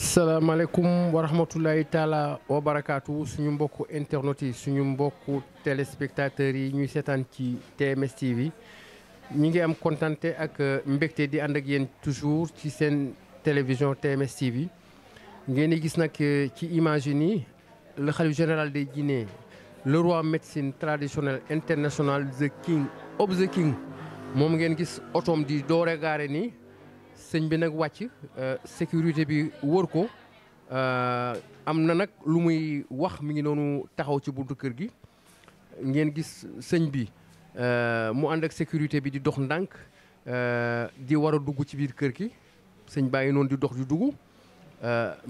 asalaamaaleykum wa rahmatulahi taala wa barakaatu suñu mbokku internet yi suñu mbokku téléspectateurs yi ñuy seetaan ci TMS TV ñu ngi am kontante ak euh, mbégte di ànd ak yéen toujours ci seen télévision TMS TV ngeen di gis nag euh, ci image yi nii général des Guinée le roi médecine traditionnelle internationale the king of the king moom ngeen gis otoom di doore gaare nii sëñ bi nag wàcc euh, sécurité bi wër ko euh, am na nag lu muy wax mi ngi noonu taxaw ci buntu kër gi ngeen gis sëñ bi euh, mu ànd ak sécurité bi di dox ndànk di war a dugg ci biir kër gi sëñ baa ngi noonu di dox di dugg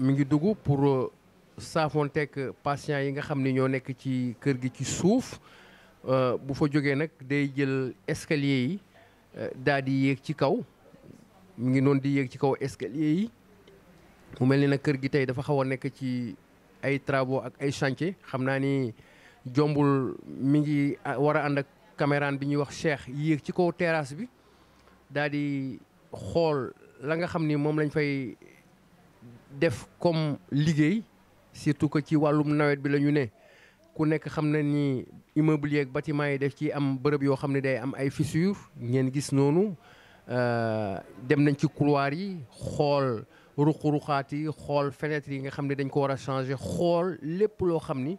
mu ngi dugg pour saafoonteeg patient yi nga xam ne ñoo nekk ci kër gi ci suuf bu fa jógee nag day jël escalier yi daal di yéeg ci kaw mi ngi noonu di yéeg ci kaw escalier yi mu mel ni na kër gi tey dafa xaw a nekk ci ay travaux ak ay chance xam naa ni jombul mi ngi war a ànd ak caméran bi ñuy wax Cheikh yéeg ci kaw teraas bi daal di xool la nga xam ni moom lañ fay def comme liggéey surtout que ci wàllum nawet bi la ñu ne ku nekk xam na ni immobilier ak bâtiment yi def ci am bërëb yoo xam ne day am ay fissures ngeen gis noonu. Euh, dem nañ ci couloir yi xool ruq-ruqaat xool fenêtre yi nga xam ne dañ ko war a changer xool lépp loo xam ni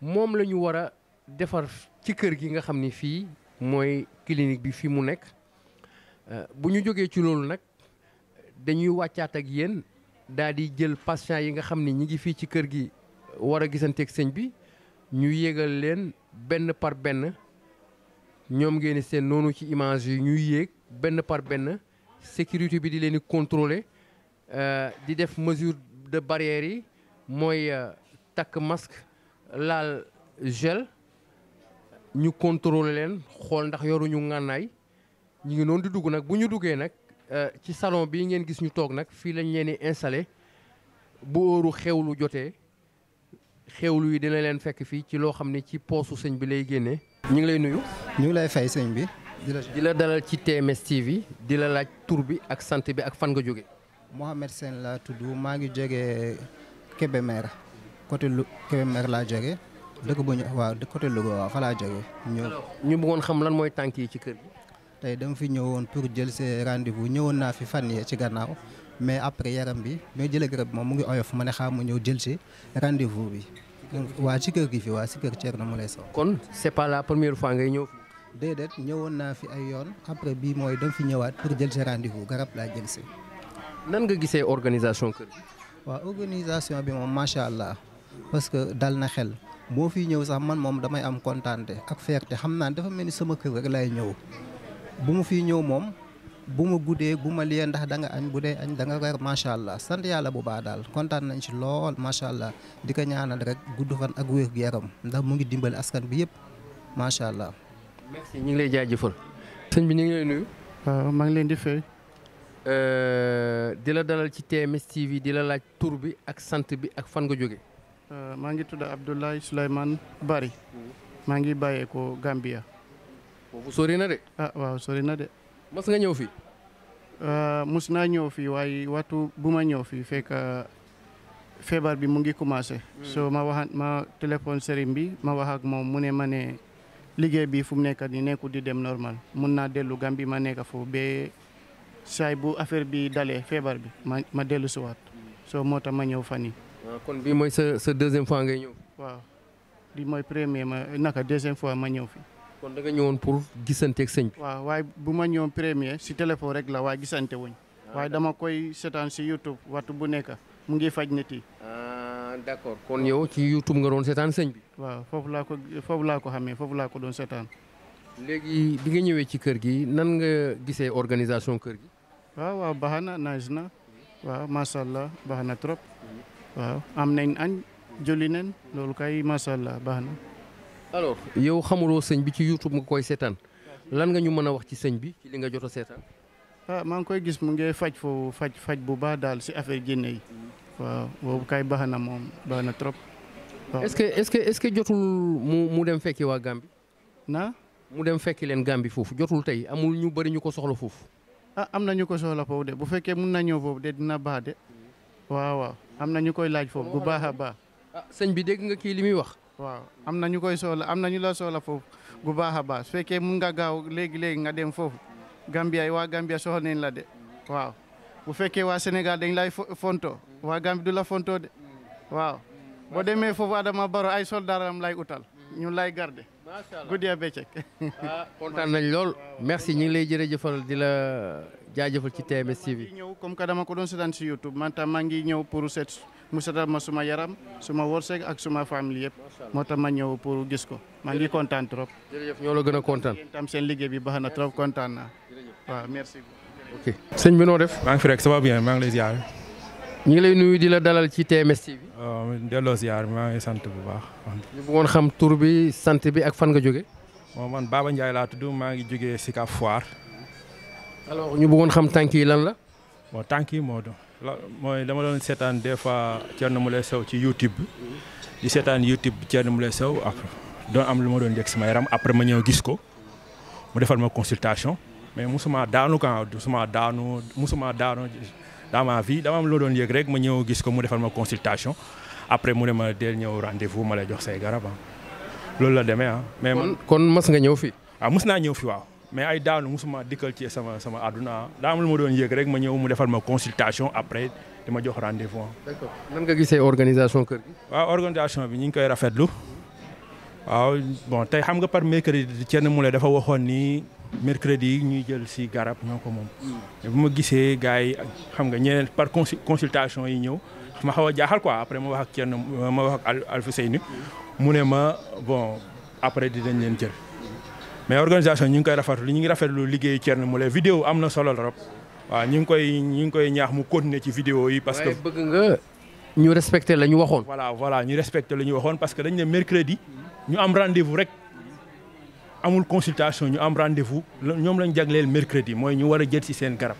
moom la ñu war a defar ci kër gi nga xam ni fii mooy clinique bi fii mu nekk euh, bu ñu jógee ci loolu nag dañuy wàccaat ak yen daal di jël patient yi nga xam ni ñi ngi fii ci kër gi war a gisanteeg sëñ bi ñu yéegal leen benn par benn ñoom ngeen seen noonu ci image yi ñuy yéeg benn par benn sécurité bi di leen di contrôler euh, di def mesure de barrière yi mooy euh, takk masque laal gel ñu contrôler leen xool ndax yoruñu ngànnaay ñu ngi noonu di dugg nag bu ñu duggee nag euh, ci salon bi ngeen gis ñu toog nag fii lañ leen di installé bu óoru xewlu jotee xewlu yi dina leen fekk fii ci loo xam ne ci poosu sëñ bi lay génne ñu ngi lay nuyu. ñu ngi lay fay sëñ bi. di la dalal ci TMS TV di la laaj tur bi ak sant bi ak fan nga jóge Mohamed Sène laa tudd maa ngi jógee Kébémer côté lu Kébémer laa jóge dëkk bu ñu waaw côté Louga waaw fa laa jóge ñëw ñu bëggoon xam lan mooy tànk yi ci kër gi tey dama fi ñëw woon pour jël see rendez-vous ñëwoon naa fi fan yee ci gannaaw mais après yaram bi mais jëlee garab moom mu ngi oyof ma ne xaar mu ñëw jël si rendez-vous bi waa ci kër gi fi waa ci kër Thierno Moule Sow kon c'est déedéet ñëwoon naa fi ay yoon après bii mooy dama fi ñëwaat pour jël sa rendez-vous garab laa jël si. nan nga gisee organisation kër waaw organisation bi moom macha allah parce que dal na xel boo fi ñëw sax man moom damay am kontaante ak fierté xam naa dafa mel ni sama kër rek lay ñëw bu mu fi ñëw moom. bu ma guddee bu mal liyee ndax danga añ bu dee añ da nga reer macha allah sant yàlla bu baax daal kontaan nañ si lool macha allah di ko ñaanal rek gudd fan ak wér gu ndax mu ngi dimbali askan bi yëpp macha allah. merci ñu ngi lay jaajëfal. sëñ bi ñu ngi lay nuyu. waaw maa ngi leen di fay. Euh, di la dalal ci TMS TV di la laaj tur bi ak sant bi ak fan nga jóge euh, maa ngi tudd Abdoulaye Souleymane Bari. Mm-hmm. maa ngi bàyyeekoo Gambia. foofu sori na de. Ah, nga ñëw fii. Euh, mos naa ñëw fii waaye watu bu ma ñëw fii fekk feebar bi mu ngi commencé. Mm-hmm. soo ma waxaat ma téléphone sëriñ bi ma wax ak moom mu ne ma ne liggéey bi fu mu nekk ni nekkul di dem normal mun naa dellu Gàmbi ma nekk foofu ba saay bu affaire bi dalee feebar bi ma ma dellu si waat soo moo tax ma ñëw fan yii. kon bii mooy sa sa deuxième fois ngay ñëw. waaw mooy premier ma naka deuxième fois ma ñëw fi. kon da ñëwoon pour gisanteeg sëñ bi. waaw waaye bu ma ñëwoon premier si téléphone rek la waaye gisante wuñ. Ah, waaye dama koy seetaan si YouTube waxtu bu nekk mu ngi faj nit yi. d' accord kon yow ci youtube nga doon seetaan sëñ bi. waaw foofu laa ko foofu laa ko xamee foofu laa ko doon seetaan. léegi bi nga ñëwee ci kër gi nan nga gisee organisation kër gi. waaw waaw baax na na waaw macha allah baax na trop mhm. waaw am nañ añ joli nañ loolu kay macha allah yow xamuloo sëñ bi ci youtube nga koy seetaan lan nga ñu mën a wax ci sëñ bi ci li nga jot seetaan. ah maa koy gis mu ngi faj foofu faj faj bu baax daal si affaire jinne yi waaw boobu kay baax na moom baax na trop. est-ce que est-ce que est-ce que jotul mu mu dem fekki waa Gambie. na mu dem fekki leen Gambie foofu jotul tey amul ñu bëri ñu ko soxla foofu. a ah, am na ñu ko soxla foofu de bu fekkee mun na ñëw foofu de dina baax de. waaw waaw am na ñu koy laaj foofu bu baax a baax. ah sëñ bi dégg nga kii li muy wax. waaw am na ñu koy soxla am na ñu la soxla foofu bu baax a baax su fekkee mun nga gaaw léegi léegi nga dem foofu Gambia waa Gambia soxla nañ la de waaw. bu fekkee waa Sénégal dañ lay fonto waa Gambie du la fonto de waaw boo demee foofu Adama Barrow ay soldaram lay utal ñu lay garde guddi a bëccëg ah, kontaan nañ lool merci ñu ngi lay jërëjëfal di la jaajëfal ci TMS TV ñëw comme que dama ko doon seetaan si YouTube man tam maa ngi ñëw pour seet mu seetal ma suma yaram suma wërsëg ak suma famille yëpp moo tax ma ñëw pour gis ko maa ngi kontaan trop jërëjëf ñoo gën a kontaan tam seen liggéey bi baax na trop kontaan naa waaw merci ok sëñ bi noo def. maa ngi fi rek ça bien maa ngi lay ziar. ñu ngi lay nuyu di la dalal ci TMS TV. waaw oh, delloo maa ngi sant bu baax. ñu bëggoon xam tur bi sant bi ak fan nga jóge moom man Baba Ndiaye laa tudd maa ngi jóge jógee kaf Foire. alors ñu buggoon xam tànk yi lan la. bon tànk yi moo doon mooy dama doon seetaan des fois Thierno Moule sew ci YouTube. di seetaan YouTube Thierno Moule Sow après doon am lu ma doon yegg sama yaram après ma ñëw gis ko mu defal ma consultation. mais musuma daanu quand musuma daanu musuma daanu dans ma vie dama am loo doon yëg rek ma ñëw gis ko mu defal ma consultation après mu ne ma del ñëw rendez-vous ma la jox say garab ah. loolu la demee ah. mais man kon mës nga ñëw fi ah mës naa ñëw fi waa mais ay daanu musuma dikkal ci sama sama àdduna ah. daa lu ma doon yëg rek ma ñëw mu defal ma consultation après di ma jox rendez-vous. Ah. d'accord nga gisee organisation kër gi. waaw organisation bi ñu ngi koy rafetlu waaw bon tey xam nga par mercredi Thierno dafa waxoon ni. mercredi yi ñuy jël si garab ñoo ko moom. Mm. bu ma gisee gars yi xam nga ñeneen par consultation yi ñëw. ma xaw a jaaxal ko après ma wax ak kenn ma wax ak Alfousseyni mu ne ma bon après dinañ leen jël. mais organisation ñu ngi koy lu ñu ngi rafetlu liggéeyu Thierno Moule vidéo am na solo trop waaw ñu ngi koy ñu ngi koy ñaax mu continuer ci vidéo yi. parce que bëgg nga ñu respecté la ñu waxoon. voilà voilà ñu respecté la ñu waxoon parce que dañ ne mercredi ñu am rendez-vous rek. amul consultation ñu am rendez-vous ñoom lañ jagleel mercredi mooy ñu war a jël ci seen garab.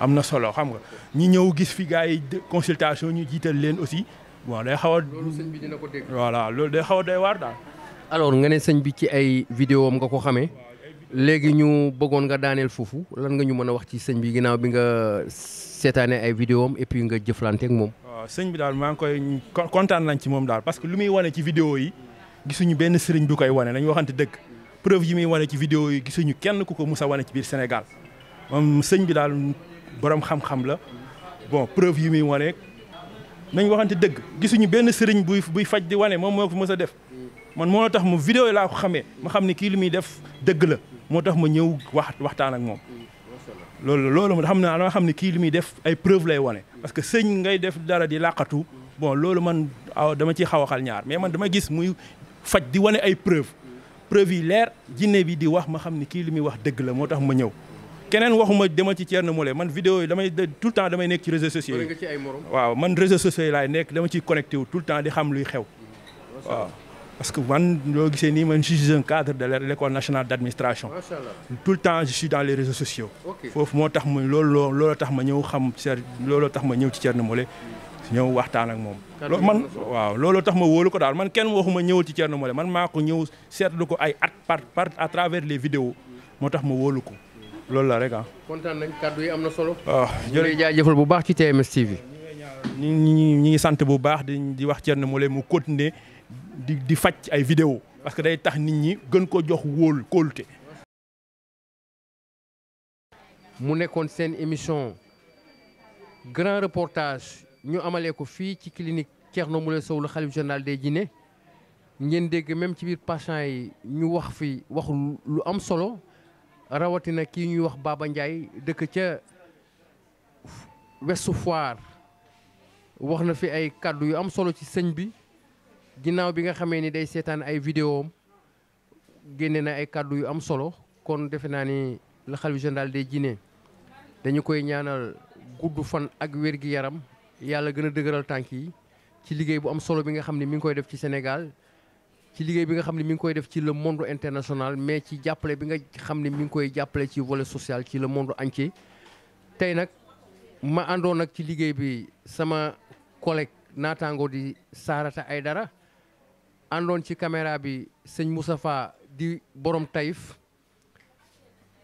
am na solo xam nga ñu ñëw gis fi gars yi consultation ñu jiital leen aussi bon day xaw a. loolu voilà loolu day xaw a day waar daal. alors nga ne sëñ bi ci ay vidéo am nga ko xamee léegi ñu bëggoon nga daaneel foofu lan nga ñu mën a wax ci sëñ bi ginnaaw bi nga seetaanee ay vidéo am et nga jëflante moom. waaw bi daal maa ngi koy kontaan nañ ci moom daal parce que lu muy wane ci vidéo yi gisuñu benn sëriñ bu koy wane dañu waxante dëgg preuve yi muy wane ci vidéo yi gisuñu kenn ku ko mus a wane ci biir Sénégal moom sëñ bi daal borom xam-xam la bon preuve yi muy wane nañ waxante dëgg gisuñu benn sëriñ buy buy faj di wane moom moo ko mës a def man moo tax mu vidéo yi laa ko xamee ma xam ne kii li muy def dëgg la moo tax ma ñëw wax waxtaan ak moom loolu loolu xam naa loo xam ne kii li muy def ay preuve lay wane parce que sëñ ngay def dara di làqatu bon loolu man dama ciy xaw xal ñaar mais man dama gis muy faj di wane ay preuve preuve leer jinne bi di wax ma xam ni kii li muy wax dëgg la moo tax ma ñëw keneen waxuma demal ci Thierno Moule man vidéo yi damay tout le temps damay nekk ci réseaux sociaux yi waaw man réseaux sociaux yi laay nekk dama ciy connecté wu tout le temps di xam luy xew waaw parce que man loo gisee nii man si suis un cadre de l'école nationale d'administration tout le temps je suis dans les réseaux sociaux foofu moo tax ma loolu loo loolu tax ma ñëw xam Thierno looloo tax ma ñëw ci Thierno Moule ñëw waxtaan ak moom. loolu man waaw looloo tax ma wóolu ko daal man kenn waxuma ñëwal ci Thierno le man maa ko ñëw seetlu ko ay at par par à travers les vidéos moo tax ma wóolu ko loolu la rek ah. kontaan nañ kàddu yi am na solo. waaw ah, jaajëfal bu baax ci TMS TV. ñu ñi ñu ngi sant bu baax di di wax Thierno Moule mu continuer di di faj ay vidéo parce que day tax nit ñi gën ko jox wóol kóolute. mu nekkoon seen émission grand ñu amalee ko fii ci clinique Thierno Moule Sow la xalif général des Jinne ngeen dégg même ci biir patients yi ñu wax fi wax lu am solo rawatina kii ñuy wax Baba Ndiaye dëkk ca wessu Foire wax na fi ay kàddu yu am solo ci sëñ bi ginnaaw bi nga xamee ni day seetaan ay vidéo am génne na ay kàddu yu am solo kon defe naa ni la xalif général des Jinne dañu koy ñaanal gudd fan ak wér yaram yàlla gën a dëgëral tànk yi ci liggéey bu am solo bi nga xam ne mi ngi koy def ci Sénégal ci liggéey bi nga xam ne mi ngi koy def ci le monde international mais ci jàppale bi nga xam ne mi ngi koy jàppale ci volet social ci le monde entier. tey nag ma àndoon nag ci liggéey bi sama collègue naataango di Sarata dara àndoon ci caméra bi sëñ Moustapha di borom Taïf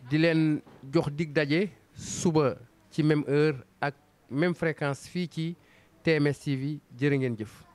di leen jox dig daje suba ci même heure. même fréquence fii ci TMS TV jërë ngeen jëf